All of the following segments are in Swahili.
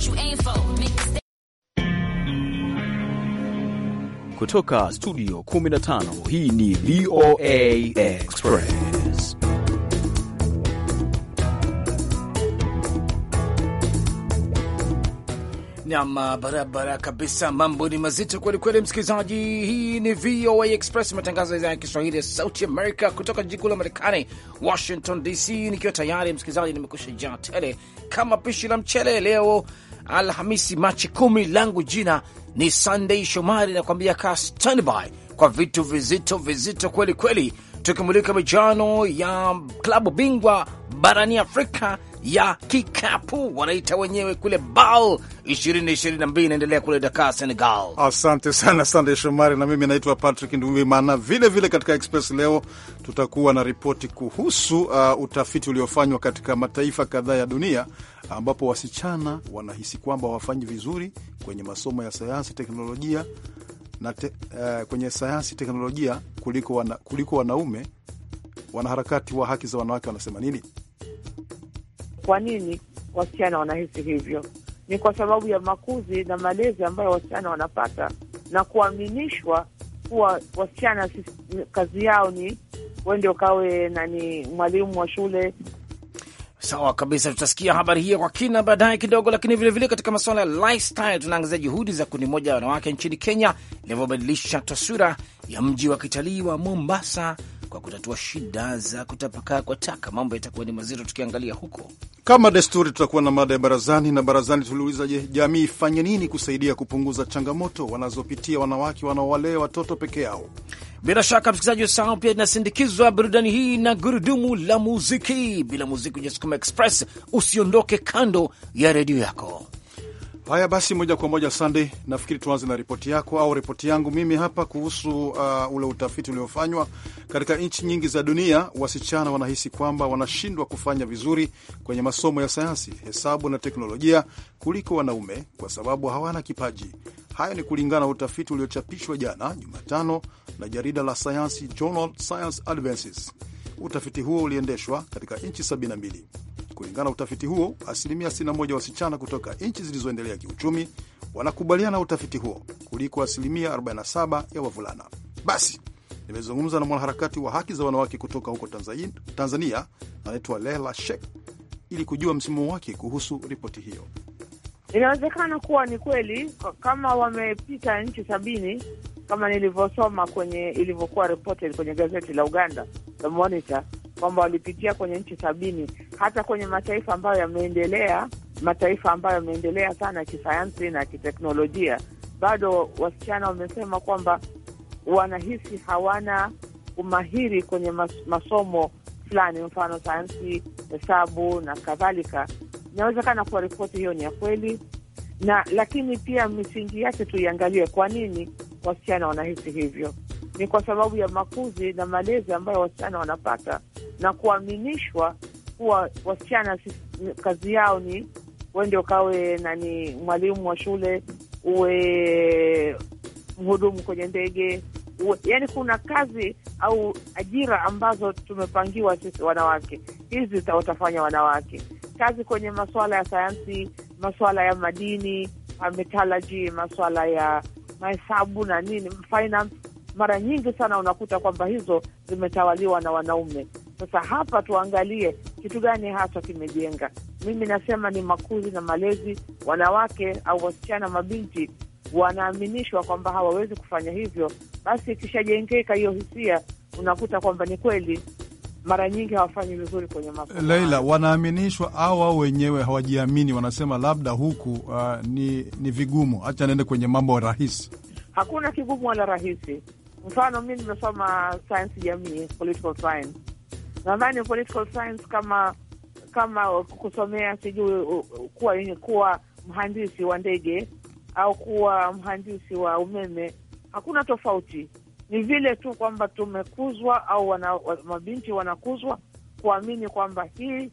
what you aim for. Kutoka studio 15 hii ni VOA Express. Nam, ah, barabara kabisa. Mambo ni mazito kwelikweli, msikilizaji. Hii ni VOA Express, matangazo ya idhaa ya Kiswahili ya Sauti Amerika kutoka jiji kuu la Marekani, Washington DC, nikiwa tayari msikilizaji, nimekusha jaa tele kama pishi la mchele leo Alhamisi Machi kumi. Langu jina ni Sunday Shomari na kuambia ka standby kwa vitu vizito vizito kweli kweli, tukimulika michano ya klabu bingwa barani Afrika ya kikapu wanaita wenyewe kule BAL 2022 inaendelea kule Dakar, Senegal. Asante sana Sande Shomari, na mimi naitwa Patrick Ndumimana. Vile vile katika Express leo tutakuwa na ripoti kuhusu uh, utafiti uliofanywa katika mataifa kadhaa ya dunia ambapo wasichana wanahisi kwamba wafanyi vizuri kwenye masomo ya sayansi teknolojia na te, uh, kwenye sayansi teknolojia kuliko, wana, kuliko wanaume. Wanaharakati wa haki za wanawake wanasema nini? Kwa nini wasichana wanahisi hivyo? Ni kwa sababu ya makuzi na malezi ambayo wasichana wanapata na kuaminishwa kuwa wasichana kazi yao ni wende ukawe nani, mwalimu wa shule. Sawa kabisa, tutasikia habari hiyo kwa kina baadaye kidogo. Lakini vilevile vile katika masuala ya lifestyle, tunaangazia juhudi za kundi moja ya wanawake nchini Kenya inavyobadilisha taswira ya mji wa kitalii wa Mombasa kwa kutatua shida za kutapakaa kwa taka. Mambo yatakuwa ni mazito tukiangalia huko. Kama desturi, tutakuwa na mada ya barazani, na barazani tuliuliza, je, jamii ifanye nini kusaidia kupunguza changamoto wanazopitia wanawake wanaowalea watoto peke yao? Bila shaka msikilizaji wa sahau, pia inasindikizwa burudani hii na gurudumu la muziki. Bila muziki Sukuma express, usiondoke kando ya redio yako. Haya basi, moja kwa moja Sunday, nafikiri tuanze na ripoti yako au ripoti yangu mimi hapa kuhusu uh, ule utafiti uliofanywa katika nchi nyingi za dunia. Wasichana wanahisi kwamba wanashindwa kufanya vizuri kwenye masomo ya sayansi, hesabu na teknolojia kuliko wanaume kwa sababu hawana kipaji. Hayo ni kulingana na utafiti uliochapishwa jana Jumatano na jarida la sayansi Journal Science Advances. Utafiti huo uliendeshwa katika nchi 72. Kulingana na utafiti huo, asilimia 61 wasichana kutoka nchi zilizoendelea kiuchumi wanakubaliana na utafiti huo kuliko asilimia 47 ya wavulana. Basi nimezungumza na mwanaharakati wa haki za wanawake kutoka huko Tanzania, anaitwa Lela Sheikh ili kujua msimamo wake kuhusu ripoti hiyo. Inawezekana kuwa ni kweli kama wamepita nchi sabini, kama nilivyosoma kwenye ilivyokuwa ripoti kwenye gazeti la Uganda The Monitor kwamba walipitia kwenye nchi sabini hata kwenye mataifa ambayo yameendelea, mataifa ambayo yameendelea sana kisayansi na kiteknolojia, bado wasichana wamesema kwamba wanahisi hawana umahiri kwenye mas masomo fulani, mfano sayansi, hesabu na kadhalika. Inawezekana kuwa ripoti hiyo ni ya kweli, na lakini pia misingi yake tuiangalie, kwa nini wasichana wanahisi hivyo ni kwa sababu ya makuzi na malezi ambayo wasichana wanapata na kuaminishwa kuwa wasichana kazi yao ni wende ukawe nani, mwalimu wa shule, uwe mhudumu kwenye ndege, yani kuna kazi au ajira ambazo tumepangiwa sisi wanawake, hizi watafanya wanawake kazi kwenye masuala ya sayansi, masuala ya madini, metallurgy, masuala ya mahesabu na nini, finance mara nyingi sana unakuta kwamba hizo zimetawaliwa na wanaume. Sasa hapa tuangalie kitu gani haswa kimejenga. Mimi nasema ni makuzi na malezi. Wanawake au wasichana, mabinti wanaaminishwa kwamba hawawezi kufanya hivyo. Basi ikishajengeka hiyo hisia, unakuta kwamba ni kweli mara nyingi hawafanyi vizuri kwenye masomo. Leila, wanaaminishwa au wao wenyewe hawajiamini, wanasema labda huku uh, ni, ni vigumu. Hacha naende kwenye mambo rahisi. Hakuna kigumu wala rahisi. Mfano, mi nimesoma science jamii, political science. Nadhani political science kama kama kusomea sijui kuwa kuwa mhandisi wa ndege au kuwa mhandisi wa umeme, hakuna tofauti, ni vile tu kwamba tumekuzwa au wana, mabinti wanakuzwa kuamini kwamba hii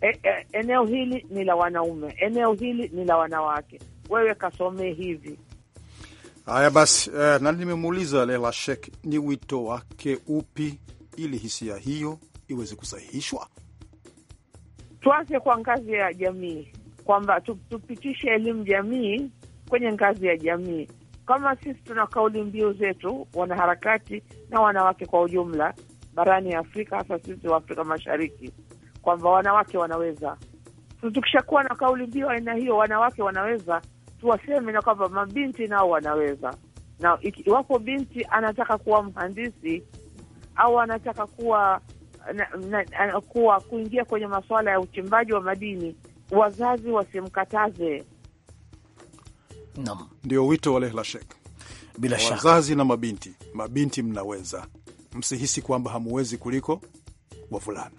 e, e, eneo hili ni la wanaume, eneo hili ni la wanawake, wewe kasomee hivi Haya basi, eh, na nimemuuliza Leila Sheikh ni wito wake upi ili hisia hiyo iweze kusahihishwa. Tuanze kwa ngazi ya jamii, kwamba tupitishe elimu jamii kwenye ngazi ya jamii. Kama sisi tuna kauli mbiu zetu, wanaharakati na wanawake kwa ujumla barani Afrika, hasa sisi wa Afrika Mashariki, kwamba wanawake wanaweza. Tukishakuwa na kauli mbiu aina hiyo, wanawake wanaweza, tuwaseme na kwamba mabinti nao wanaweza, na iwapo binti anataka kuwa mhandisi au anataka kuwa na, na, kuwa kuingia kwenye masuala ya uchimbaji wa madini, wazazi wasimkataze. Naam, ndio wito wa Lehla Sheikh. Bila shaka wazazi na mabinti, mabinti mnaweza, msihisi kwamba hamuwezi kuliko wavulana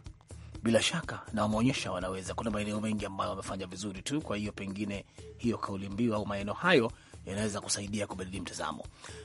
bila shaka na wameonyesha wanaweza. Kuna maeneo mengi ambayo wamefanya vizuri tu, kwa hiyo pengine hiyo kauli mbiu au maeneo hayo yanaweza kusaidia kubadili mtazamo.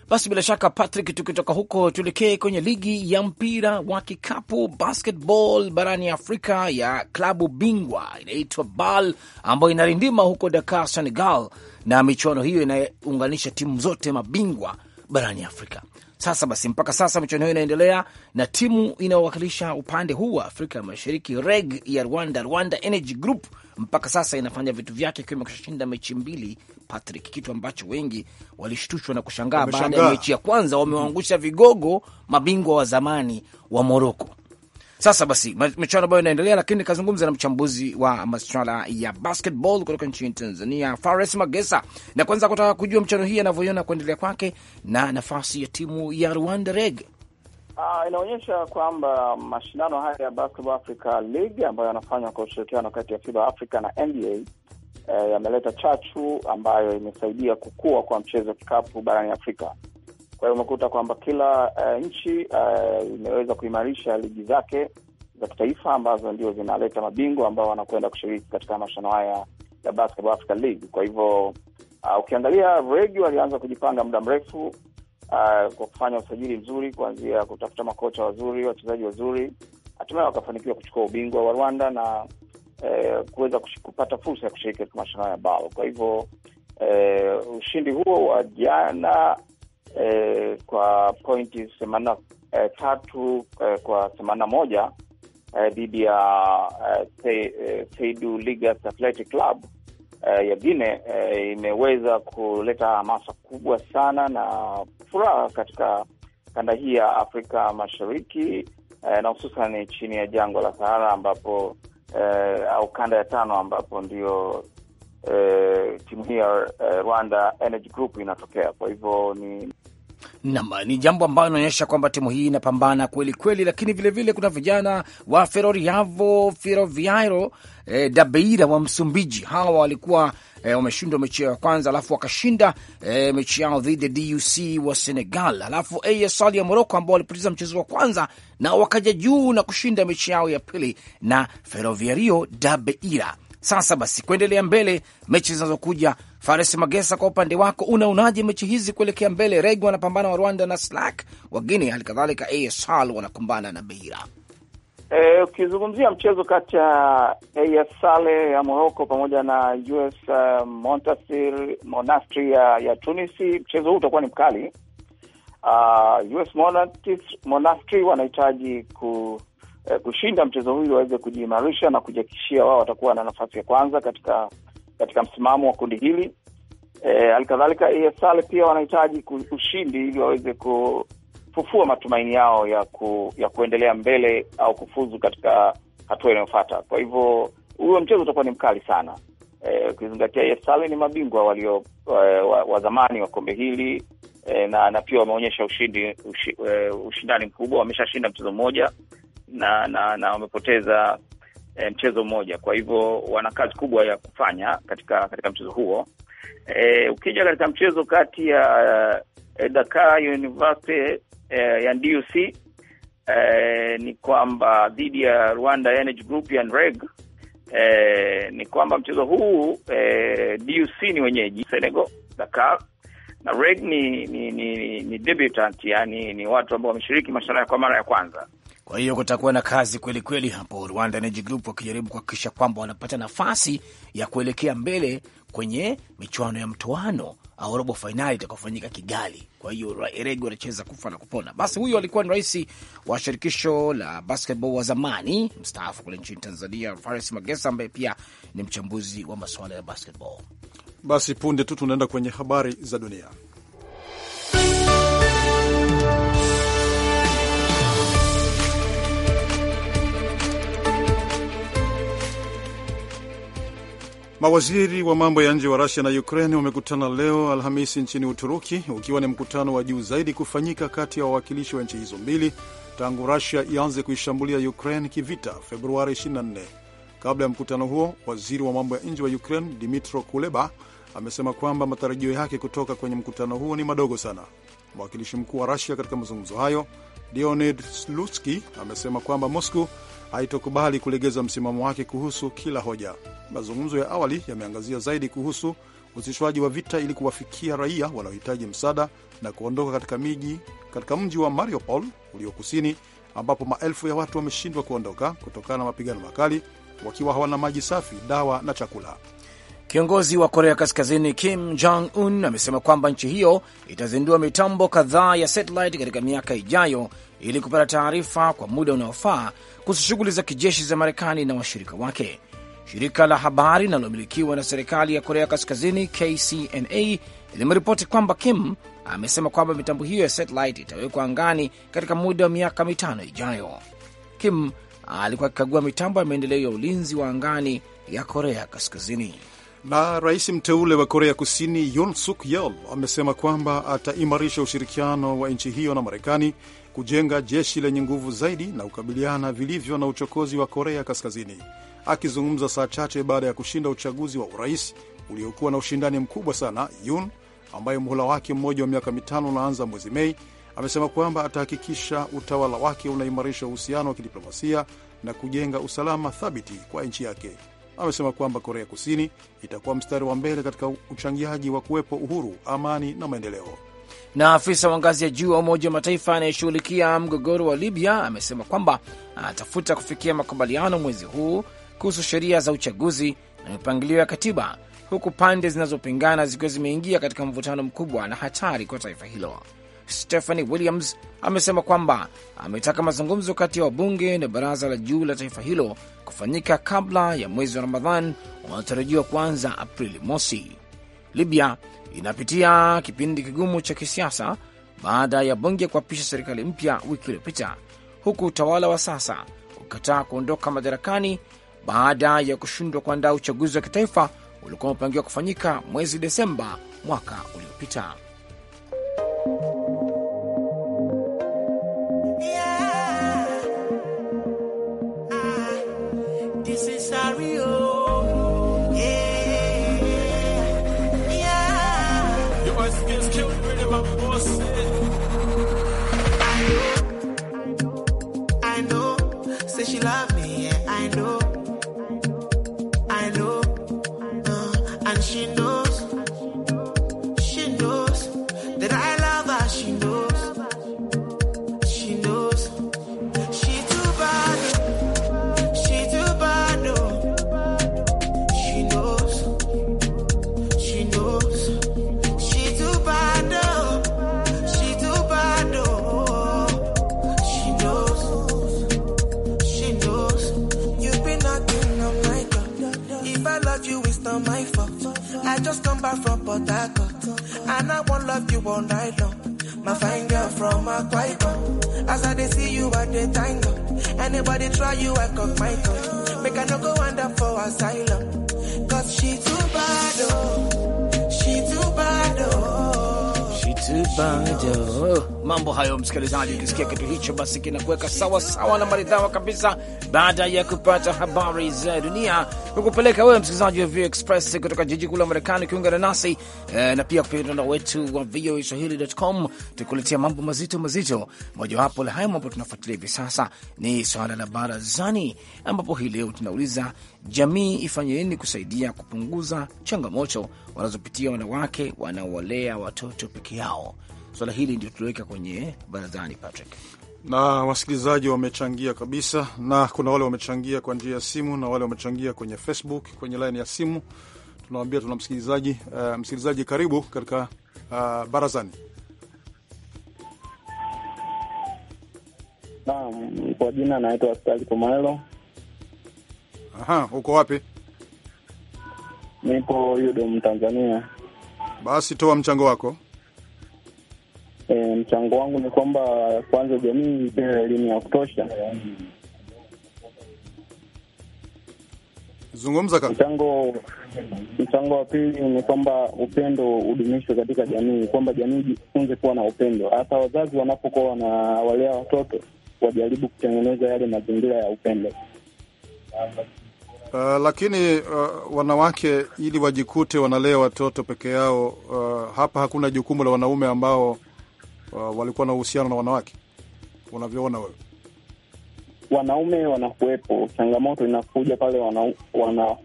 Basi bila shaka, Patrick, tukitoka huko tuelekee kwenye ligi ya mpira wa kikapu basketball barani Afrika ya klabu bingwa inaitwa BAL ambayo inarindima huko Dakar, Senegal, na michuano hiyo inaunganisha timu zote mabingwa barani Afrika. Sasa basi, mpaka sasa michuano hiyo inaendelea na timu inayowakilisha upande huu wa Afrika Mashariki, REG ya Rwanda, Rwanda Energy Group, mpaka sasa inafanya vitu vyake ikiwa imekushashinda mechi mbili, Patrick, kitu ambacho wengi walishtushwa na kushangaa baada ya mechi ya kwanza wamewaangusha vigogo mabingwa wa zamani wa Moroko. Sasa basi, michuano ambayo inaendelea, lakini nikazungumza na mchambuzi wa maswala ya basketball kutoka nchini Tanzania, Fares Magesa, na kwanza kutaka kujua mchano hii anavyoiona kuendelea kwake na nafasi ya timu ya Rwanda Reg. Uh, inaonyesha kwamba mashindano haya ya Basketball Africa League ambayo yanafanywa kwa ushirikiano kati ya FIBA Africa na NBA eh, yameleta chachu ambayo imesaidia kukua kwa mchezo wa kikapu barani Afrika. Kwa hiyo umekuta kwamba kila uh, nchi uh, imeweza kuimarisha ligi zake za kitaifa ambazo ndio zinaleta mabingwa ambao wanakwenda kushiriki katika mashindano haya ya Basketball Africa League. Kwa hivyo uh, ukiangalia Regi walianza kujipanga muda mrefu uh, kwa kufanya usajili mzuri, kuanzia kutafuta makocha wazuri, wachezaji wazuri, hatimaye wakafanikiwa kuchukua ubingwa wa Rwanda na eh, kuweza kupata fursa ya kushiriki katika mashindano ya BAL. Kwa hivyo eh, ushindi huo wa jana eh, kwa pointi semana eh, tatu eh, kwa semana moja eh, dhidi eh, ya Seidu eh, Ligas Athletic Club eh, ya Guine eh, imeweza kuleta hamasa kubwa sana na furaha katika kanda hii ya Afrika Mashariki eh, na hususan chini ya jangwa la Sahara ambapo eh, au kanda ya tano ambapo ndio eh, timu hii ya eh, Rwanda Energy Group inatokea. Kwa hivyo ni Nam ni jambo ambayo inaonyesha kwamba timu hii inapambana kweli kweli, lakini vilevile vile kuna vijana wa Feroriavo Ferroviario eh, Dabeira wa Msumbiji. Hawa walikuwa e, wameshindwa mechi yao ya kwanza, alafu wakashinda e, mechi yao dhidi ya DUC wa Senegal, alafu ASL ya Moroko ambao walipoteza mchezo wa kwanza na wakaja juu na kushinda mechi yao ya pili na Ferroviario Dabeira. Sasa basi, kuendelea mbele, mechi zinazokuja, Fares Magesa, kwa upande wako unaonaje mechi hizi kuelekea mbele? reg wanapambana wa Rwanda na Slack wagine, hali kadhalika AS wanakumbana na Beira. Eh, ukizungumzia mchezo kati ya asl ya Morocco pamoja na US uh, eh, Monastri ya, ya Tunisi, mchezo huu utakuwa ni mkali. Uh, ah, US Monastri wanahitaji ku eh, kushinda mchezo huyu waweze kujiimarisha na kujakishia, wao watakuwa na nafasi ya kwanza katika katika msimamo wa kundi hili. Eh, halikadhalika eh, ESL pia wanahitaji ushindi ili waweze kufufua matumaini yao ya ku, ya kuendelea mbele au kufuzu katika hatua inayofuata. Kwa hivyo huyo mchezo utakuwa ni mkali sana eh, ukizingatia ESL ni mabingwa walio wa, eh, wa, wa zamani wa kombe hili eh, na na pia wameonyesha ushindi ushi, eh, ushindani mkubwa, wameshashinda mchezo mmoja na na na wamepoteza e, mchezo mmoja. Kwa hivyo wana kazi kubwa ya kufanya katika katika mchezo huo. E, ukija katika mchezo kati ya e, Dakar University e, ya DUC e, ni kwamba dhidi ya Rwanda Energy Group ya NREG e, ni kwamba mchezo huu e, DUC ni wenyeji Senegal Dakar na Reg ni ni, ni, ni debutant yani ni watu ambao wameshiriki mashindano kwa mara ya kwanza. Kwa hiyo kutakuwa na kazi kweli kweli hapo, Rwanda Energy Group wakijaribu kuhakikisha kwamba wanapata nafasi ya kuelekea mbele kwenye michuano ya mtoano au robo fainali itakaofanyika Kigali. Kwa hiyo Eregi wanacheza kufa na kupona. Basi huyu alikuwa ni rais wa shirikisho la basketball wa zamani mstaafu kule nchini Tanzania, Faris Magesa, ambaye pia ni mchambuzi wa masuala ya basketball. Basi punde tu tunaenda kwenye habari za dunia. Mawaziri wa mambo ya nje wa Rusia na Ukraine wamekutana leo Alhamisi nchini Uturuki, ukiwa ni mkutano wa juu zaidi kufanyika kati ya wawakilishi wa nchi hizo mbili tangu Rusia ianze kuishambulia Ukraine kivita Februari 24. Kabla ya mkutano huo, waziri wa mambo ya nje wa Ukraine Dmitro Kuleba amesema kwamba matarajio yake kutoka kwenye mkutano huo ni madogo sana. Mwakilishi mkuu wa Rusia katika mazungumzo hayo Leonid Slutsky amesema kwamba Moscow haitokubali kulegeza msimamo wake kuhusu kila hoja. Mazungumzo ya awali yameangazia zaidi kuhusu usitishwaji wa vita ili kuwafikia raia wanaohitaji msaada na kuondoka katika miji katika mji wa Mariupol ulio kusini, ambapo maelfu ya watu wameshindwa kuondoka kutokana na mapigano makali, wakiwa hawana maji safi, dawa na chakula. Kiongozi wa Korea Kaskazini Kim Jong Un amesema kwamba nchi hiyo itazindua mitambo kadhaa ya katika miaka ijayo ili kupata taarifa kwa muda unaofaa kuhusu shughuli za kijeshi za Marekani na washirika wake. Shirika la habari linalomilikiwa na serikali ya Korea Kaskazini, KCNA, limeripoti kwamba Kim amesema kwamba mitambo hiyo ya satellite itawekwa angani katika muda wa miaka mitano ijayo. Kim alikuwa akikagua mitambo ya maendeleo ya ulinzi wa angani ya Korea Kaskazini. Na rais mteule wa Korea Kusini Yoon Suk Yeol amesema kwamba ataimarisha ushirikiano wa nchi hiyo na Marekani kujenga jeshi lenye nguvu zaidi na kukabiliana vilivyo na uchokozi wa Korea Kaskazini. Akizungumza saa chache baada ya kushinda uchaguzi wa urais uliokuwa na ushindani mkubwa sana, yun ambaye muhula wake mmoja wa miaka mitano unaanza mwezi Mei amesema kwamba atahakikisha utawala wake unaimarisha uhusiano wa kidiplomasia na kujenga usalama thabiti kwa nchi yake. Amesema kwamba Korea Kusini itakuwa mstari wa mbele katika uchangiaji wa kuwepo uhuru, amani na maendeleo. Na afisa wa ngazi ya juu wa Umoja wa Mataifa anayeshughulikia mgogoro wa Libya amesema kwamba anatafuta kufikia makubaliano mwezi huu kuhusu sheria za uchaguzi na mipangilio ya katiba, huku pande zinazopingana zikiwa zimeingia katika mvutano mkubwa na hatari kwa taifa hilo. Stephanie Williams amesema kwamba ametaka mazungumzo kati ya wabunge na baraza la juu la taifa hilo kufanyika kabla ya mwezi wa Ramadhan unaotarajiwa kuanza Aprili mosi. Libya inapitia kipindi kigumu cha kisiasa baada ya bunge kuapisha serikali mpya wiki iliyopita, huku utawala wa sasa ukikataa kuondoka madarakani baada ya kushindwa kuandaa uchaguzi wa kitaifa uliokuwa umepangiwa kufanyika mwezi Desemba mwaka uliopita. and bado. Mambo hayo, msikilizaji, ukisikia kitu hicho, basi kinakuweka sawa sawa na maridhawa kabisa, baada ya kupata habari za dunia ukupeleka wewe msikilizaji wa VOA Express kutoka jiji kuu la Marekani, ukiungana nasi eh, na pia kupitia mtandao wetu wa VOA Swahili.com, tukuletea mambo mazito mazito. Mojawapo la hayo mambo tunafuatilia hivi sasa ni swala la barazani, ambapo hii leo tunauliza jamii ifanye nini kusaidia kupunguza changamoto wanazopitia wanawake wanaowalea watoto peke yao swala hili ndio tuliweka kwenye barazani, Patrick, na wasikilizaji wamechangia kabisa, na kuna wale wamechangia kwa njia ya simu na wale wamechangia kwenye Facebook, kwenye laini ya simu. Tunawambia tuna msikilizaji. Uh, msikilizaji karibu katika uh, barazani. Naam, kwa jina naitwa Stali Kumaelo. Aha, uko wapi? Nipo Yudom, Tanzania. Basi toa mchango wako mchango wangu ni kwamba kwanza jamii ipewe elimu ya kutosha. Zungumza kaka. Mchango mchango wa pili ni kwamba upendo udumishwe katika jamii, kwamba jamii jifunze kuwa na upendo. Hata wazazi wanapokuwa wanawalea watoto wajaribu kutengeneza yale mazingira ya upendo. Uh, lakini uh, wanawake ili wajikute wanalea watoto peke yao, uh, hapa hakuna jukumu la wanaume ambao Uh, walikuwa na uhusiano na wanawake unavyoona wewe? Wanaume wanakuwepo, changamoto inakuja pale wana, wana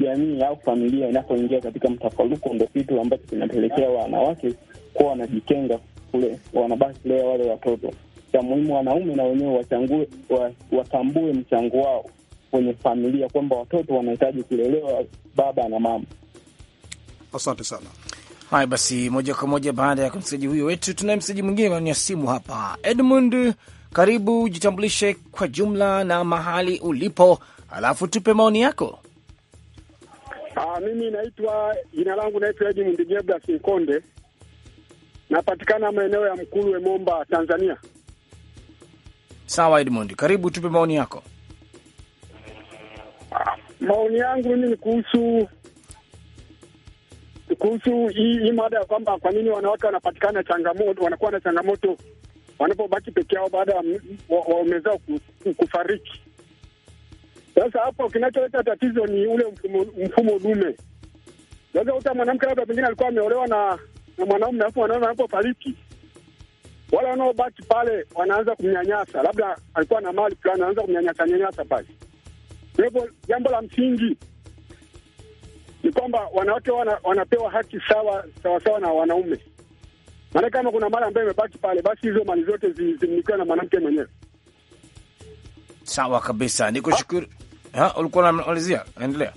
jamii au familia inapoingia katika mtafaruko, ndo kitu ambacho kinapelekea wanawake kuwa wanajitenga kule, wanabaki kulea wale watoto. Cha muhimu wanaume na wenyewe watambue mchango wao kwenye familia, kwamba watoto wanahitaji kulelewa baba na mama. Asante sana. Haya basi, moja kwa moja baada ya msikilizaji huyo wetu, tunaye msikilizaji mwingine ndani ya simu hapa. Edmund, karibu, jitambulishe kwa jumla na mahali ulipo, alafu tupe maoni yako. Aa, ah, mimi naitwa jina langu naitwa Edmund Jebda Sinkonde, napatikana maeneo ya mkulu Momba, Tanzania. Sawa Edmund, karibu, tupe maoni yako. Ah, maoni yangu mimi ni kuhusu kuhusu hii, hii mada ya kwamba kwa nini wanawake wanapatikana changamoto, wanakuwa na changamoto wanapobaki peke yao baada ya waume zao kufariki. Sasa hapo kinacholeta tatizo ni ule mfumo, mfumo dume. Unaweza uta mwanamke labda pengine alikuwa ameolewa na na mwanaume, alafu mwanaume anapofariki, wale wanaobaki pale wanaanza kumnyanyasa, labda alikuwa na mali fulani, anaanza kumnyanyasa nyanyasa pale. Kwa hivyo jambo la msingi ni kwamba wanawake wana, wanapewa haki sawa sawasawa na wanaume. Maana kama kuna mali ambayo imebaki pale, basi hizo mali zote zimilikiwa na mwanamke mwenyewe. Sawa kabisa, nikushukuru. Ulikuwa unamalizia, endelea.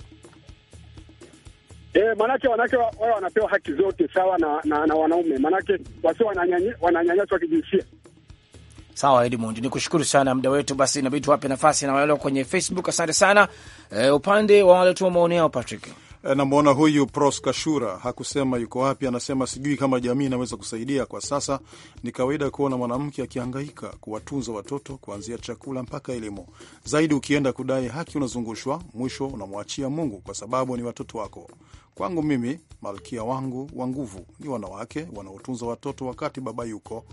Eh, maanake wanawake wao wanapewa haki zote sawa na, na, na wanaume, maanake wasio wananyanyaswa kijinsia. Sawa Edmund, ni kushukuru sana. Muda wetu basi inabidi tuwape nafasi na wale kwenye Facebook. Asante sana. E, upande wa wale tu maoni yao Patrick Eh, namwona huyu Pros Kashura hakusema yuko wapi, anasema sijui kama jamii inaweza kusaidia. Kwa sasa ni kawaida kuona mwanamke akihangaika kuwatunza watoto, kuanzia chakula mpaka elimu. Zaidi ukienda kudai haki, unazungushwa, mwisho unamwachia Mungu kwa sababu ni watoto wako. Kwangu mimi, malkia wangu wa nguvu ni wanawake wanaotunza watoto wakati baba yuko,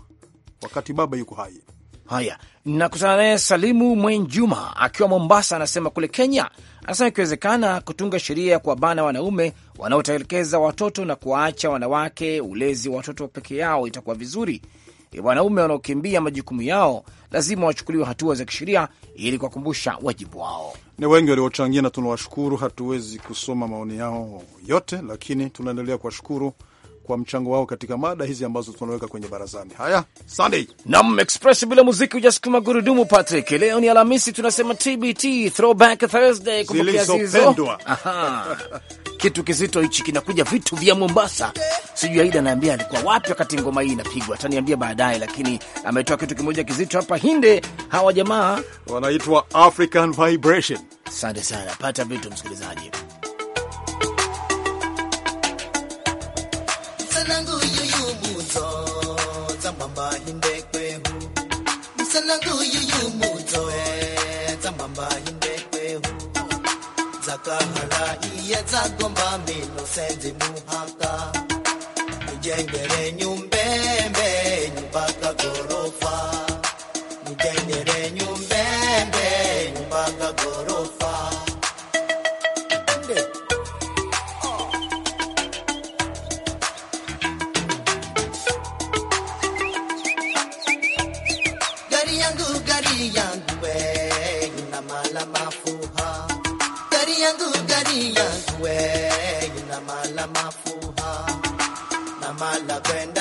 wakati baba yuko hai. Haya, nakutana naye Salimu Mwenjuma akiwa Mombasa, anasema kule Kenya, anasema ikiwezekana kutunga sheria ya kuwabana wanaume wanaotelekeza watoto na kuwaacha wanawake ulezi wa watoto peke yao itakuwa vizuri. E, wanaume wanaokimbia majukumu yao lazima wachukuliwe hatua za kisheria ili kuwakumbusha wajibu wao. Ni wengi waliochangia na tunawashukuru. Hatuwezi kusoma maoni yao yote, lakini tunaendelea kuwashukuru kwa mchango wao katika mada hizi ambazo tunaweka kwenye barazani. Haya, Sunday nam express bila muziki hujasukuma gurudumu. Patrick, leo ni Alhamisi, tunasema TBT, throwback Thursday, kumpokea zilizopendwa. kitu kizito hichi kinakuja, vitu vya Mombasa. Sijui Aida anaambia alikuwa wapi wakati ngoma hii inapigwa, ataniambia baadaye, lakini ametoa kitu kimoja kizito hapa. Hinde hawa jamaa wanaitwa African Vibration. Asante sana, pata vitu msikilizaji. Msana nguyu Zambamba hinde kwehu Msana Zambamba hinde kwehu Zakahara iye zagomba mino senzi muhaka Nijengere nyumbembe nyumba kagorofa Nijengere nyumbembe nyumba kagorofa then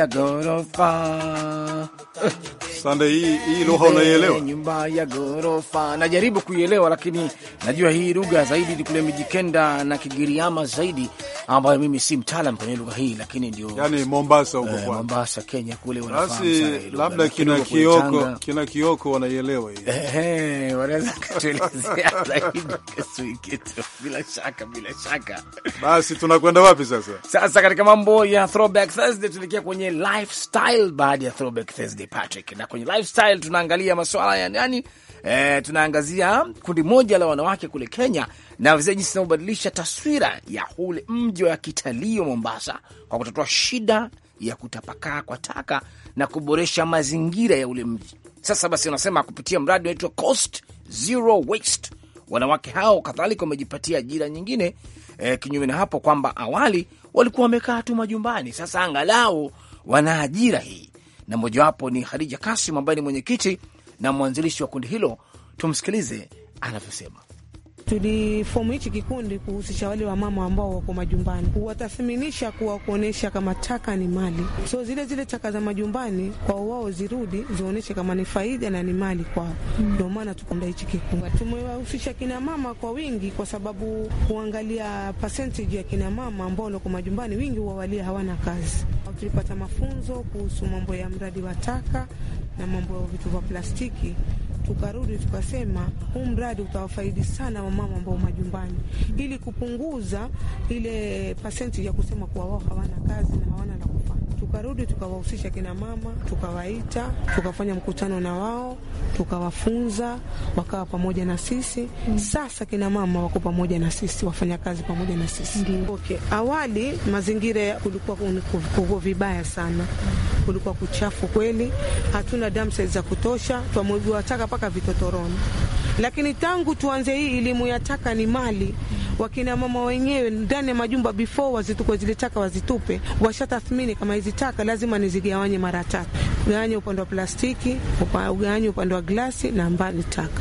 ya gorofa. Sande, hii hii lugha unaielewa? Nyumba ya gorofa najaribu kuielewa, lakini najua hii lugha zaidi ni kule Mijikenda na Kigiriama zaidi ambayo mimi si mtaalam kwenye lugha hii, lakini ndio yani Mombasa huko eh, kwa Mombasa, Kenya kule wanafahamu sana hilo. Labda kina Kioko, kina Kioko wanaielewa hiyo. eh, wanaweza kutuelezea zaidi kesho kitu, bila shaka, bila shaka. Basi tunakwenda wapi sasa? Sasa katika mambo ya Throwback Thursday tunaelekea kwenye lifestyle, baada ya Throwback Thursday Patrick, na kwenye lifestyle tunaangalia masuala ya nani Eh, tunaangazia kundi moja la wanawake kule Kenya na wazee jinsi inavyobadilisha taswira ya ule mji matarajio ya kitalii wa Mombasa kwa kutatua shida ya kutapakaa kwa taka na kuboresha mazingira ya ule mji. Sasa basi, wanasema kupitia mradi unaitwa Coast Zero Waste, wanawake hao kadhalika wamejipatia ajira nyingine e, kinyume na hapo kwamba awali walikuwa wamekaa tu majumbani. Sasa angalau wana ajira hii, na mojawapo ni Hadija Kasim ambaye ni mwenyekiti na mwanzilishi wa kundi hilo. Tumsikilize anavyosema tulifomu hichi kikundi kuhusisha wale wamama ambao wako majumbani, kuwatathiminisha, kuwa kuonyesha kama taka ni mali, so zile zile taka za majumbani kwa wao zirudi, zionyeshe kama ni faida na ni mali kwao. Hmm. Ndio maana tukunda hichi kikundi. Tumewahusisha kina mama kwa wingi, kwa sababu kuangalia percentage ya kina mama ambao wako majumbani, wingi wawalia hawana kazi. Tulipata mafunzo kuhusu mambo ya mradi wa taka na mambo ya vitu vya plastiki tukarudi tukasema huu mradi utawafaidi sana wamama ambao majumbani, ili kupunguza ile pasenti ya kusema kuwa wao hawana kazi na hawana la tukarudi tukawahusisha kina mama, tukawaita, tukafanya mkutano na wao, tukawafunza, wakawa pamoja na sisi mm. Sasa kina mama wako pamoja na sisi, wafanya kazi pamoja na sisi mm. Okay. Awali mazingira kulikuwa kuko vibaya sana, kulikuwa kuchafu kweli, hatuna damsa za kutosha, twamwegiwa taka mpaka vitotoroni, lakini tangu tuanze hii elimu ya taka ni mali wakina mama wenyewe ndani ya majumba before wazitukwe zile taka wazitupe, washatathmini kama hizi taka lazima nizigawanye mara tatu, ugawanye upande wa plastiki, ugawanye upande wa glasi na mbali taka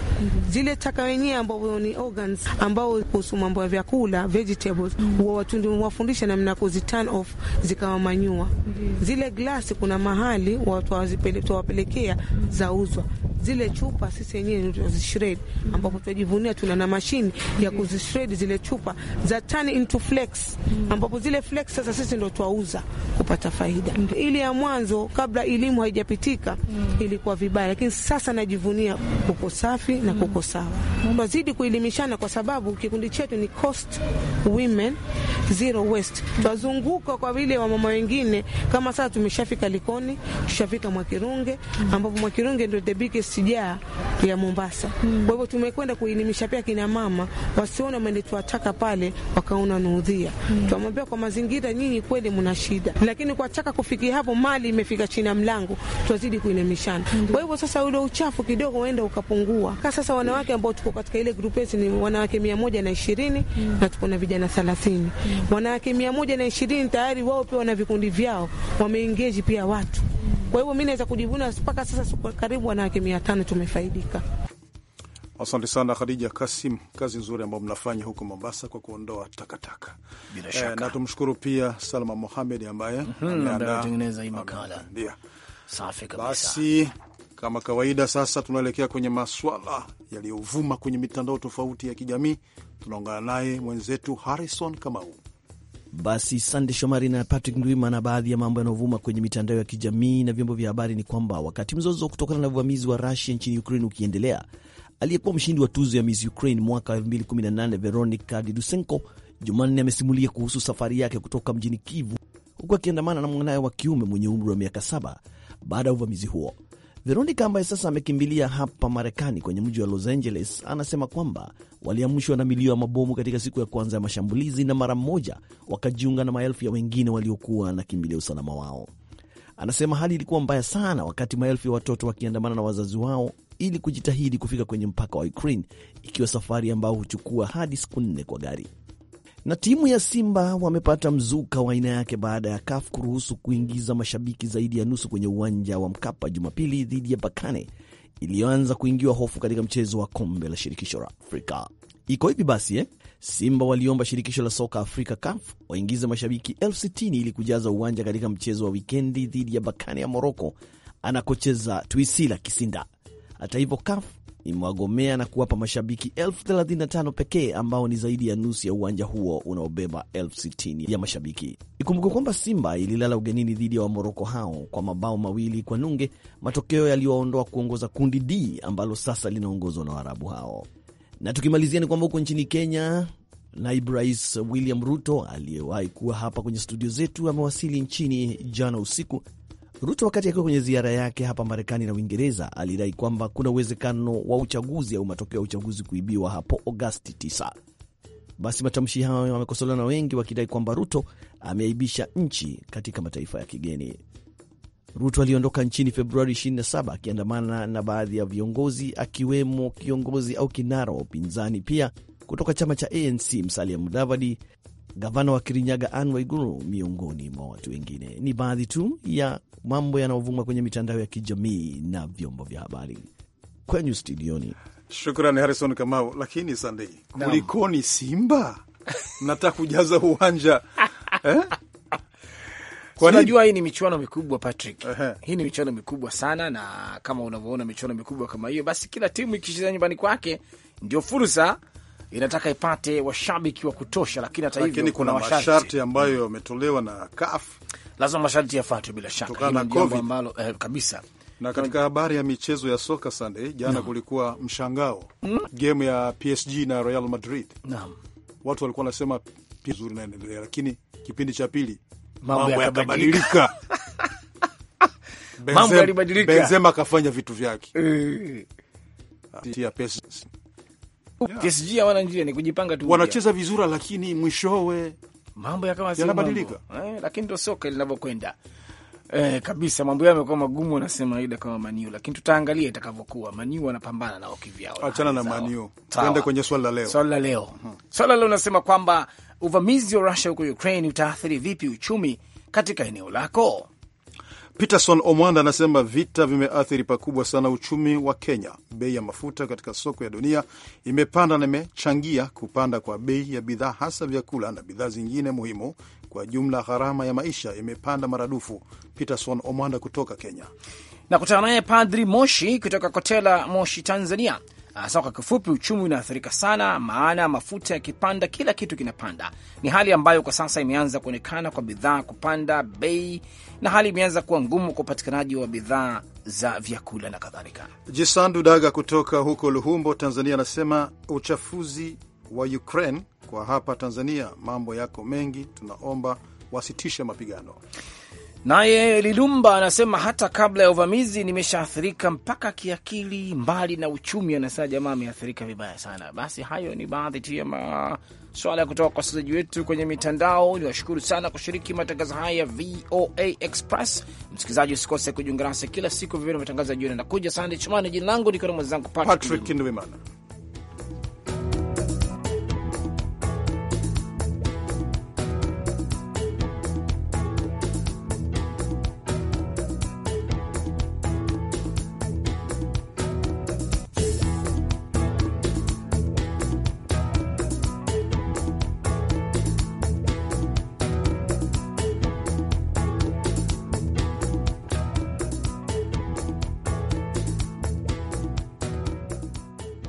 zile taka wenyewe ambao ni organs ambao kuhusu mambo ya vyakula vegetables, huwa mm. watu wafundisha namna kuzi turn off zikawa manyua. Zile glasi kuna mahali watu wawapelekea zauzwa zile chupa, sisi wenyewe tuzishred, mm. ambapo tunajivunia tuna na mashini ya kuzishred zile chupa chupa za turn into flex mm. ambapo zile flex sasa sisi ndo twauza kupata faida. mm. ili ya mwanzo kabla elimu haijapitika mm. ilikuwa vibaya, lakini sasa najivunia kuko safi na mm. kuko sawa. Mm. Twazidi kuelimishana kwa sababu kikundi chetu ni Coast Women Zero Waste. mm. Twazunguka kwa vile wamama wengine kama sasa tumeshafika Likoni, tushafika Mwakirunge mm. ambapo Mwakirunge ndio the biggest jaa ya Mombasa. mm. Kwa hivyo tumekwenda kuelimisha pia kina mama wasione wameletwa chaka pale, wakaona nuudhia mm. Tuwamwambia kwa mazingira, nyinyi kweli mna shida, lakini kwa chaka kufikia hapo mali imefika chini ya mlango, tuwazidi kuinamishana mm. Kwa hivyo sasa ule uchafu kidogo uenda ukapungua. Ka sasa wanawake ambao tuko katika ile grupesi ni wanawake mia moja na ishirini mm. na tuko na vijana thelathini mm. Wanawake mia moja na ishirini tayari wao pia wana vikundi vyao, wameingeji pia watu hmm. kwa hivyo mi naweza kujivuna mpaka sasa karibu wanawake mia tano tumefaidika. Asante sana Khadija Kasim, kazi nzuri ambayo mnafanya huko Mombasa kwa kuondoa takataka E, na tumshukuru pia Salma Mohamed ambaye mhm, anatengeneza hii makala. Ndio, safi kabisa. Basi kama kawaida, sasa tunaelekea kwenye maswala yaliyovuma kwenye mitandao tofauti ya kijamii. Tunaungana naye mwenzetu Harrison Kamau. Basi Sande Shomari na Patrick Ndwima. Na baadhi ya mambo yanayovuma kwenye mitandao ya kijamii na vyombo vya habari ni kwamba wakati mzozo kutokana na uvamizi wa Rusia nchini Ukraine ukiendelea, Aliyekuwa mshindi wa tuzo ya Miss Ukraine mwaka 2018 Veronica Didusenko Jumanne amesimulia kuhusu safari yake kutoka mjini Kivu huku akiandamana na mwanaye wa kiume mwenye umri wa miaka saba baada ya uvamizi huo. Veronica ambaye sasa amekimbilia hapa Marekani kwenye mji wa Los Angeles anasema kwamba waliamshwa na milio ya mabomu katika siku ya kwanza ya mashambulizi na mara mmoja wakajiunga na maelfu ya wengine waliokuwa wanakimbilia usalama wao. Anasema hali ilikuwa mbaya sana, wakati maelfu ya watoto wakiandamana na wazazi wao ili kujitahidi kufika kwenye mpaka wa Ukraine, ikiwa safari ambayo huchukua hadi siku nne kwa gari. Na timu ya Simba wamepata mzuka wa aina yake baada ya CAF kuruhusu kuingiza mashabiki zaidi ya nusu kwenye uwanja wa Mkapa Jumapili dhidi ya Bakane iliyoanza kuingiwa hofu katika mchezo wa kombe la shirikisho la Afrika. Iko hivi basi eh? Simba waliomba shirikisho la soka Afrika CAF waingize mashabiki elfu sitini ili kujaza uwanja katika mchezo wa wikendi dhidi ya Bakane ya Moroko anakocheza Twisila Kisinda. Hata hivyo, CAF imewagomea na kuwapa mashabiki elfu 35 pekee ambao ni zaidi ya nusu ya uwanja huo unaobeba elfu 60 ya mashabiki. Ikumbuke kwamba Simba ililala ugenini dhidi ya Wamoroko hao kwa mabao mawili kwa nunge, matokeo yaliyowaondoa kuongoza kundi D ambalo sasa linaongozwa na Waarabu hao. Na tukimalizia ni kwamba huko nchini Kenya, naibu rais William Ruto aliyewahi kuwa hapa kwenye studio zetu amewasili nchini jana usiku Ruto wakati akiwa kwenye ziara yake hapa Marekani na Uingereza alidai kwamba kuna uwezekano wa uchaguzi au matokeo ya uchaguzi kuibiwa hapo Agosti 9. Basi matamshi hayo yamekosolewa na wengi wakidai kwamba Ruto ameaibisha nchi katika mataifa ya kigeni. Ruto aliondoka nchini Februari 27 akiandamana na baadhi ya viongozi akiwemo kiongozi au kinara wa upinzani pia kutoka chama cha ANC Musalia Mudavadi gavana wa Kirinyaga Anne Waiguru, miongoni mwa watu wengine. Ni baadhi tu ya mambo yanayovuma kwenye mitandao ya kijamii na vyombo vya habari. Kwenyu studioni, shukrani Harrison Kamau. Lakini Sandei, kulikoni Simba nataka kujaza uwanja eh? Najua hii ni michuano mikubwa Patrick. uh -huh. Hii ni michuano mikubwa sana, na kama unavyoona michuano mikubwa kama hiyo, basi kila timu ikicheza nyumbani kwake ndio fursa inataka ipate washabiki wa kutosha, lakini hata hivyo kuna kuna masharti masharti ambayo yametolewa na CAF, lazima masharti yafuatwe bila shaka, jambo ambalo eh, kabisa na katika habari ya michezo ya soka Sunday jana no. kulikuwa mshangao mm. game ya PSG na Real Madrid no. watu walikuwa wanasema zuri naendelea, lakini kipindi cha pili mambo yakabadilika. mambo yalibadilika, Benzema akafanya vitu vyake mm. PSG njia, ni kujipanga tu, wanacheza vizuri, lakini mwishowe mambo yakawa yanabadilika, eh, lakini ndo soka linavyokwenda. Eh, kabisa mambo yao yamekuwa magumu, anasema ida kama Maniu, lakini tutaangalia itakavyokuwa. Maniu wanapambana nao kivyao. Achana na Maniu, tuende kwenye swali la leo. Swali la leo, hmm. Swali la leo unasema kwamba uvamizi wa Russia huko Ukraine utaathiri vipi uchumi katika eneo lako? Peterson Omwanda anasema vita vimeathiri pakubwa sana uchumi wa Kenya. Bei ya mafuta katika soko ya dunia imepanda na imechangia kupanda kwa bei ya bidhaa, hasa vyakula na bidhaa zingine muhimu. Kwa jumla, gharama ya maisha imepanda maradufu. Peterson Omwanda kutoka Kenya. Nakutana naye Padri Moshi kutoka Kotela, Moshi, Tanzania. Sasa kwa kifupi, uchumi unaathirika sana, maana mafuta yakipanda, kila kitu kinapanda. Ni hali ambayo kwa sasa imeanza kuonekana kwa bidhaa kupanda bei, na hali imeanza kuwa ngumu kwa upatikanaji wa bidhaa za vyakula na kadhalika. Jisandu Daga kutoka huko Luhumbo, Tanzania, anasema uchafuzi wa Ukraine kwa hapa Tanzania, mambo yako mengi, tunaomba wasitishe mapigano. Naye Lilumba anasema hata kabla ya uvamizi nimeshaathirika mpaka kiakili, mbali na uchumi. Anasema jamaa ameathirika vibaya sana. Basi hayo ni baadhi tu ya maswala ya kutoka kwa wasikilizaji wetu kwenye mitandao. Ni washukuru sana kushiriki matangazo haya ya VOA Express. Msikilizaji, usikose kujiunga nasi kila siku, vivile matangazo ya jioni anakuja. Sande Chumani jina langu, nikiwa na mwenzangu Patrick Ndwimana.